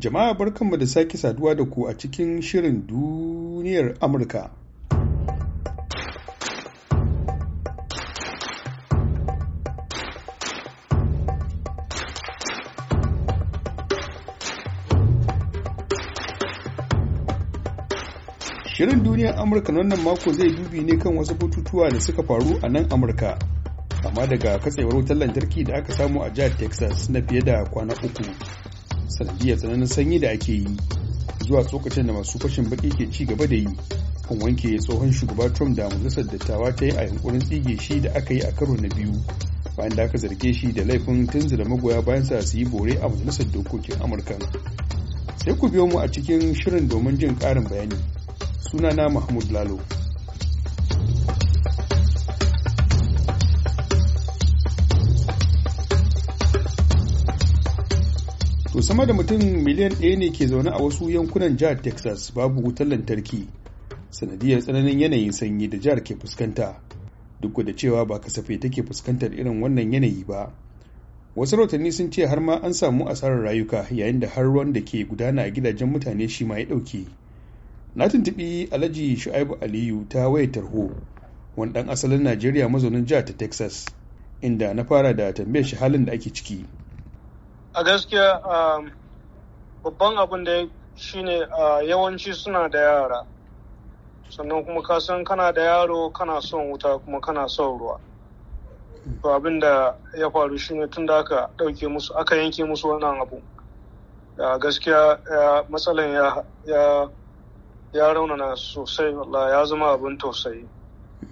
Jama'a barkanmu da sake saduwa da ku a cikin shirin duniyar Amurka. Shirin duniyar Amurka wannan mako zai dubi ne kan wasu bututuwa da suka faru a nan Amurka. Kama daga katsewar wutar lantarki da aka samu a jihar Texas na fiye da kwana uku. sanadiyar tsananin sanyi da ake yi zuwa tsokacin da masu fashin baki ke ci gaba da yi kan wanke tsohon shugaba trump da majalisar dattawa ta yi a yankunan tsige shi da aka yi a karo na biyu bayan da aka zarge shi da laifin tunzula magoya bayan sa su yi bore a majalisar dokokin amurka sai ku biyo mu a cikin shirin domin jin ƙarin bayani sunana mahmud lalo To sama da mutum miliyan ɗaya ne ke zaune a wasu yankunan jihar Texas babu wutar lantarki sanadiyar tsananin yanayin sanyi da jihar ke fuskanta duk da cewa ba kasafe take fuskantar irin wannan yanayi ba. Wasu rahotanni sun ce har ma an samu asarar rayuka yayin da har ruwan da ke gudana a gidajen mutane shi ma ya ɗauke. Na tuntuɓi Alhaji Shu'aibu Aliyu ta wayar tarho wani ɗan asalin Najeriya mazaunin jihar ta Texas inda na fara da tambayar shi halin da ake ciki. a gaskiya um, babban abin da shi a uh, yawanci suna da yara sannan kuma ka san kana da yaro kana son wuta kuma kana son ruwa to abin da ya faru ne tun da aka ɗauke musu aka yanke musu wannan abu a gaskiya matsalan ya ya raunana sosai ya zama abin tausayi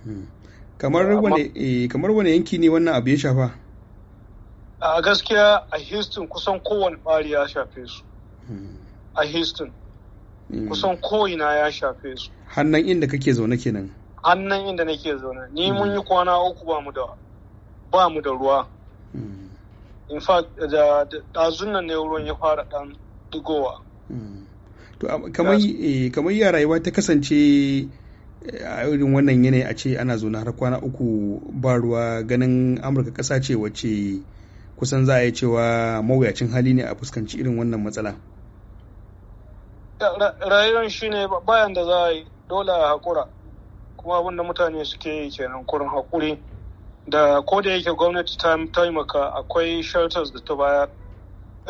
hmm. eh, kamar wani yanki ne wannan abu ya shafa a gaskiya a houston kusan kowane bari ya shafe su a houston hmm. kusan ko'ina ya shafe su hannan inda kake zaune kenan hannan inda nake zaune ni hmm. mun yi kwana uku ba mu da ba mu da ruwa hmm. in fact da ɗazun nan ne ruwan ya fara ɗan digowa to eh, kamar ya rayuwa ta kasance eh, a irin wannan yanayi a ce ana zaune har kwana uku ba ruwa ganin amurka ƙasa ce wacce kusan za a yi cewa mawuyacin hali ne a fuskanci irin wannan matsala rayuwar shi ne bayan da za a yi dole a haƙura kuma abin mutane suke yi kenan kurin haƙuri da ko da yake gwamnati ta taimaka akwai shelters da ta bayar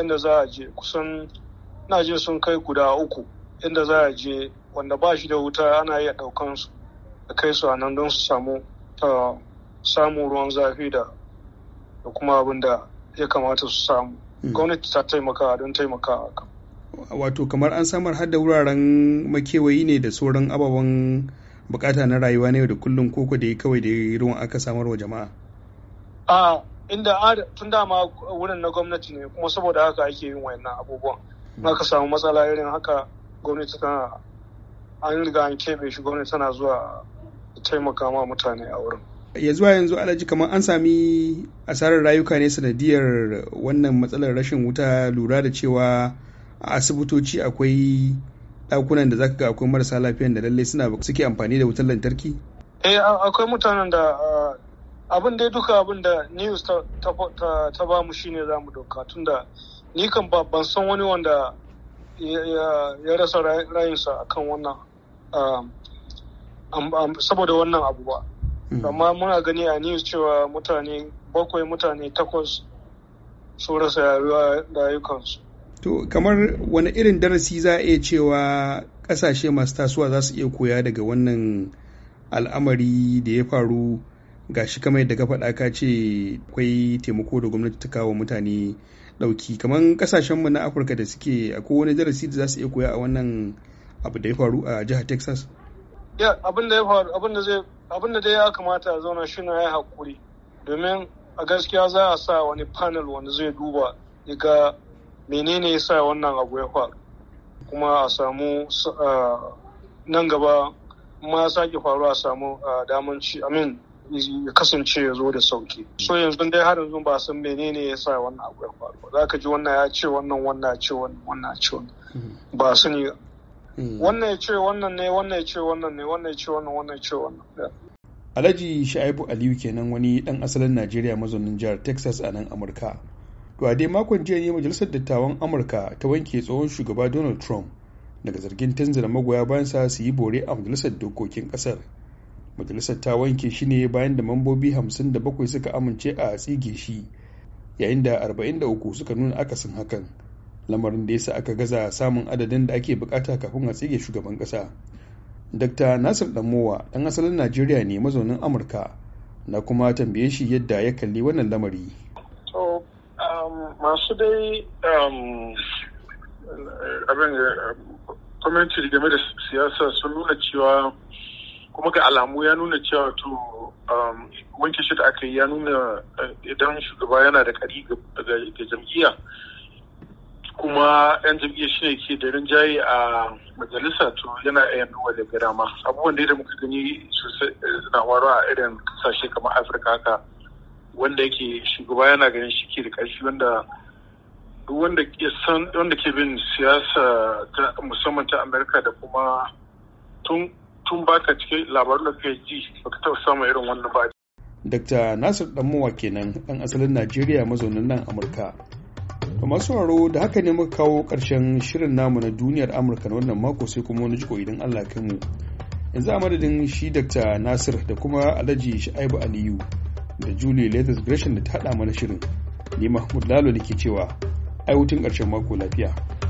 inda za a je kusan na je sun kai guda uku inda za a je wanda ba shi da wuta ana iya ɗaukan su da kai su a nan don su samu ah, ruwan zafi da kuma abin da ya kamata su samu mm. gwamnati ta taimaka don taimaka haka wato kamar an samar hada wuraren makewayi ne da sauran ababen bukata na rayuwa ne da kullum koko da kawai da ruwan aka samar wa jama'a a inda tun dama wurin na gwamnati ne kuma saboda haka ake yin wayannan abubuwan na mm. ka samu matsala irin haka gwamnati tana an riga an keɓe shi gwamnati tana zuwa taimaka ma mutane a wurin ya zuwa yanzu alaji kamar an sami asarar rayuka ne sanadiyar wannan matsalar rashin wuta lura da cewa a asibitoci akwai ɗakunan da zaka ga akwai marasa lafiyan da lallai suna suke amfani da wutar lantarki eh akwai mutanen da abin dai duka abin da news ta ba mu shine za mu doka tunda ni kan ban san wani wanda ya rasa rayinsa akan wannan um, saboda wannan abu ba Mm. amma muna gani a news cewa mutane bakwai mutane takwas su rasa rayuwa da ayyukansu to kamar wani irin darasi za a iya cewa kasashe masu tasowa za su iya koya daga wannan al'amari da ya faru ga shi kamar yadda ka faɗa ka ce akwai taimako da gwamnati ta kawo mutane ɗauki kamar mu na afirka da suke akwai wani darasi da za su iya koya a wannan abu da ya faru a jihar texas abin da ya faru abin da zai abin da dai ya kamata a zauna shi na ya hakuri domin a gaskiya za a sa wani panel wanda zai duba daga menene ya sa wannan abu ya faru kuma a samu nan gaba ma sake faru a samu daman ci amin ya kasance ya zo da sauki so yanzu dai har yanzu ba san menene ya sa wannan abu ya faru ba za ka ji wannan ya ce wannan wannan ya ce wannan wannan ya ce wannan hmm. ba su ne Mm. wannan ya ce wannan ne wannan ya ce wannan ne wannan ya ce wannan wannan ya ce wannan Alhaji Sha'ibu Aliyu kenan wani dan asalin Najeriya mazaunin jihar Texas a nan Amurka. To a dai makon jiya ne majalisar dattawan Amurka ta wanke tsohon shugaba Donald Trump daga zargin tanzila magoya bayan sa su yi bore a majalisar dokokin kasar. Majalisar ta wanke shi ne bayan da mambobi 57 suka amince a tsige shi yayin da 43 suka nuna akasin hakan. lamarin da ya sa aka gaza samun adadin da ake bukata kafin a tsige shugaban kasa dr nasir damowa dan asalin najeriya ne mazaunin amurka na kuma tambaye shi yadda ya kalli wannan lamari um, masu dai gwamnati um, um, game da siyasa sun nuna cewa kuma ga alamu ya nuna cewa to wanke shi da aka yi ya nuna uh, idan shugaba yana da kari ga jam'iyya kuma yan jirgin shi ne ke da rinjaye a majalisa to yana yan nuwa da garama abubuwan da muka gani sosai eh, na waro a irin kasashe kamar afirka haka wanda yake shugaba yana ganin shi ke da ƙarfi wanda wanda ke bin siyasa ta musamman ta amerika da kuma tun tun baka cikin labarin da ka ji baka taɓa samun irin wannan ba. Dr. Nasir Ɗanmuwa kenan ɗan asalin Najeriya mazaunin nan Amurka. kamar masu sauraro da haka ne muka kawo ƙarshen shirin namu na duniyar Amurka na wannan mako sai kuma wani jiko idan Allah kai mu. Yanzu a madadin shi Dr. Nasir da kuma Alhaji Sha'ibu Aliyu da Julie Latest Gresham da ta hada mana shirin. Ni Mahmud Lalo ne ke cewa ai ƙarshen mako lafiya.